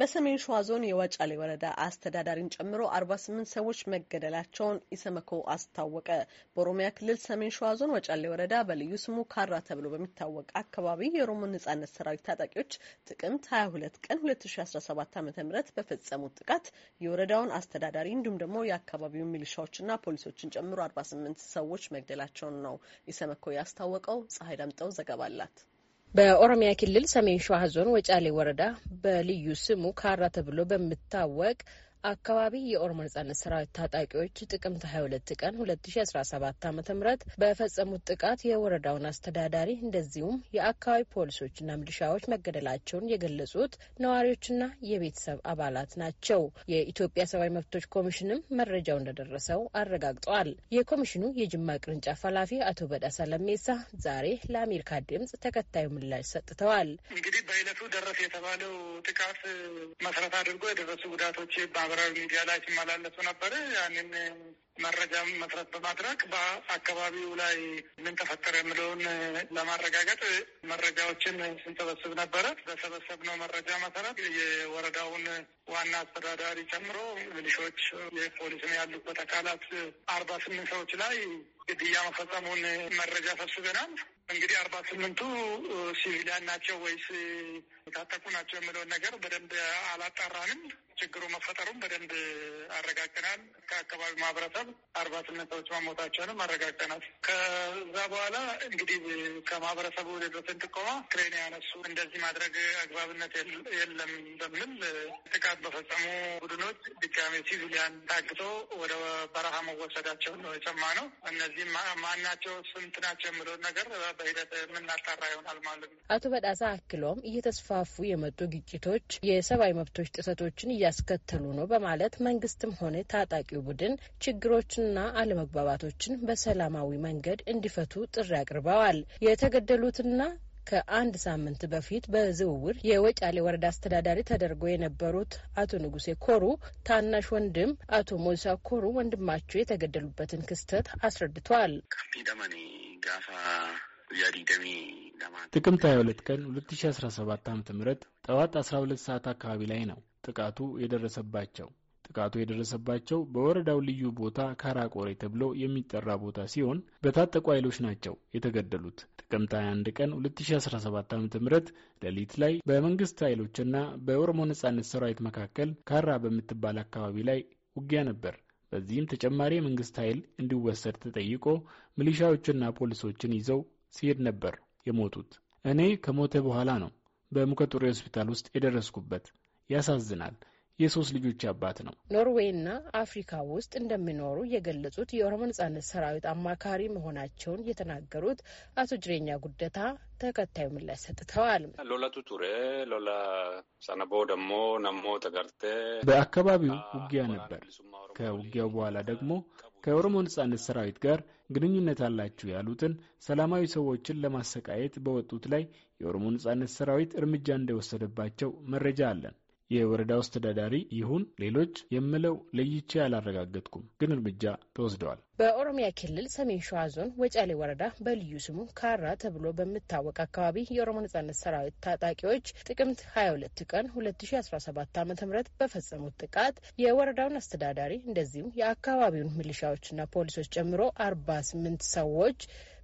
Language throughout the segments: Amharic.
በሰሜን ሸዋ ዞን የዋጫሌ ወረዳ አስተዳዳሪን ጨምሮ አርባ ስምንት ሰዎች መገደላቸውን ኢሰመኮ አስታወቀ። በኦሮሚያ ክልል ሰሜን ሸዋ ዞን ወጫሌ ወረዳ በልዩ ስሙ ካራ ተብሎ በሚታወቅ አካባቢ የኦሮሞ ነጻነት ሰራዊት ታጣቂዎች ጥቅምት 22 ቀን 2017 ዓ ም በፈጸሙት ጥቃት የወረዳውን አስተዳዳሪ እንዲሁም ደግሞ የአካባቢውን ሚሊሻዎችና ፖሊሶችን ጨምሮ 48 ሰዎች መግደላቸውን ነው ኢሰመኮ ያስታወቀው። ፀሐይ ዳምጠው ዘገባ አላት። በኦሮሚያ ክልል ሰሜን ሸዋ ዞን ወጫሌ ወረዳ በልዩ ስሙ ካራ ተብሎ በሚታወቅ አካባቢ የኦሮሞ ነጻነት ሰራዊት ታጣቂዎች ጥቅምት 22 ቀን 2017 ዓ ም በፈጸሙት ጥቃት የወረዳውን አስተዳዳሪ እንደዚሁም የአካባቢ ፖሊሶችና ምልሻዎች መገደላቸውን የገለጹት ነዋሪዎችና የቤተሰብ አባላት ናቸው። የኢትዮጵያ ሰብአዊ መብቶች ኮሚሽንም መረጃው እንደደረሰው አረጋግጠዋል። የኮሚሽኑ የጅማ ቅርንጫፍ ኃላፊ አቶ በዳሳ ለሜሳ ዛሬ ለአሜሪካ ድምጽ ተከታዩ ምላሽ ሰጥተዋል። እንግዲህ በአይነቱ ደረስ የተባለው ጥቃት መሰረት አድርጎ የደረሱ ጉዳቶች ማህበራዊ ሚዲያ ላይ ሲመላለሱ ነበረ። ያንን መረጃ መሰረት በማድረግ በአካባቢው ላይ ምን ተፈጠረ የሚለውን ለማረጋገጥ መረጃዎችን ስንሰበስብ ነበረ። በሰበሰብነው መረጃ መሰረት የወረዳውን ዋና አስተዳዳሪ ጨምሮ ሚሊሾች፣ የፖሊስን ያሉበት አካላት አርባ ስምንት ሰዎች ላይ ግድያ መፈጸሙን መረጃ ሰብስበናል። እንግዲህ አርባ ስምንቱ ሲቪሊያን ናቸው ወይስ የታጠቁ ናቸው የሚለውን ነገር በደንብ አላጣራንም። ችግሩ መፈጠሩም በደንብ አረጋግጠናል። ከአካባቢ ማህበረሰብ አርባ ስምንት ሰዎች መሞታቸውንም አረጋግጠናል። ከዛ በኋላ እንግዲህ ከማህበረሰቡ የደረሰን ጥቆማ ክሬን ያነሱ እንደዚህ ማድረግ አግባብነት የለም በሚል ጥቃት በፈጸሙ ቡድኖች ድጋሚ ሲቪሊያን ታግቶ ወደ በረሃ መወሰዳቸውን ነው የሰማ ነው። እነዚህም ማናቸው ስንት ናቸው የሚለውን ነገር በሂደት የምናጣራ ይሆናል ማለት ነው። አቶ በዳሳ አክሎም እየተስፋፉ የመጡ ግጭቶች የሰብአዊ መብቶች ጥሰቶችን እያስከተሉ ነው በማለት መንግስትም ሆነ ታጣቂው ቡድን ችግሮችንና አለመግባባቶችን በሰላማዊ መንገድ እንዲፈቱ ጥሪ አቅርበዋል። የተገደሉትና ከአንድ ሳምንት በፊት በዝውውር የወጫሌ ወረዳ አስተዳዳሪ ተደርጎ የነበሩት አቶ ንጉሴ ኮሩ ታናሽ ወንድም አቶ ሞሳ ኮሩ ወንድማቸው የተገደሉበትን ክስተት አስረድቷል። ጥቅምት 22 ቀን 2017 ዓ.ም ጠዋት 12 ሰዓት አካባቢ ላይ ነው ጥቃቱ የደረሰባቸው። ጥቃቱ የደረሰባቸው በወረዳው ልዩ ቦታ ካራቆሬ ተብሎ የሚጠራ ቦታ ሲሆን በታጠቁ ኃይሎች ናቸው የተገደሉት። ጥቅምት 21 ቀን 2017 ዓ ም ሌሊት ላይ በመንግስት ኃይሎችና በኦሮሞ ነጻነት ሰራዊት መካከል ካራ በምትባል አካባቢ ላይ ውጊያ ነበር። በዚህም ተጨማሪ የመንግስት ኃይል እንዲወሰድ ተጠይቆ ሚሊሻዎችና ፖሊሶችን ይዘው ሲሄድ ነበር የሞቱት። እኔ ከሞተ በኋላ ነው በሙከጡሬ ሆስፒታል ውስጥ የደረስኩበት። ያሳዝናል። የሶስት ልጆች አባት ነው። ኖርዌይና አፍሪካ ውስጥ እንደሚኖሩ የገለጹት የኦሮሞ ነጻነት ሰራዊት አማካሪ መሆናቸውን የተናገሩት አቶ ጅሬኛ ጉደታ ተከታዩ ምላሽ ሰጥተዋል። ሎላቱ ቱሬ ሎላ ሰነቦ ደሞ ነሞ ተገርቴ በአካባቢው ውጊያ ነበር። ከውጊያው በኋላ ደግሞ ከኦሮሞ ነጻነት ሰራዊት ጋር ግንኙነት አላችሁ ያሉትን ሰላማዊ ሰዎችን ለማሰቃየት በወጡት ላይ የኦሮሞ ነጻነት ሰራዊት እርምጃ እንደወሰደባቸው መረጃ አለን። የወረዳው አስተዳዳሪ ይሁን ሌሎች የምለው ለይቼ አላረጋገጥኩም፣ ግን እርምጃ ተወስደዋል። በኦሮሚያ ክልል ሰሜን ሸዋ ዞን ወጫሌ ወረዳ በልዩ ስሙ ካራ ተብሎ በሚታወቅ አካባቢ የኦሮሞ ነጻነት ሰራዊት ታጣቂዎች ጥቅምት 22 ቀን 2017 ዓ ም በፈጸሙት ጥቃት የወረዳውን አስተዳዳሪ እንደዚሁም የአካባቢውን ሚሊሻዎችና ፖሊሶች ጨምሮ 48 ሰዎች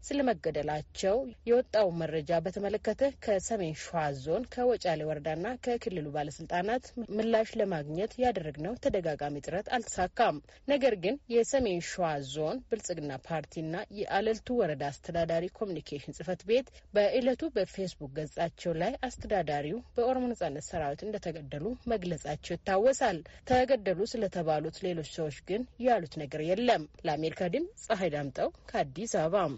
ስለመገደላቸው የወጣውን መረጃ በተመለከተ ከሰሜን ሸዋ ዞን ከወጫሌ ወረዳና ከክልሉ ባለስልጣናት ምላሽ ለማግኘት ያደረግነው ተደጋጋሚ ጥረት አልተሳካም። ነገር ግን የሰሜን ሸዋ ዞን ብልጽግና ፓርቲና የአለልቱ ወረዳ አስተዳዳሪ ኮሚኒኬሽን ጽህፈት ቤት በእለቱ በፌስቡክ ገጻቸው ላይ አስተዳዳሪው በኦሮሞ ነጻነት ሰራዊት እንደተገደሉ መግለጻቸው ይታወሳል። ተገደሉ ስለተባሉት ሌሎች ሰዎች ግን ያሉት ነገር የለም። ለአሜሪካ ድምፅ ፀሐይ ዳምጠው ከአዲስ አበባ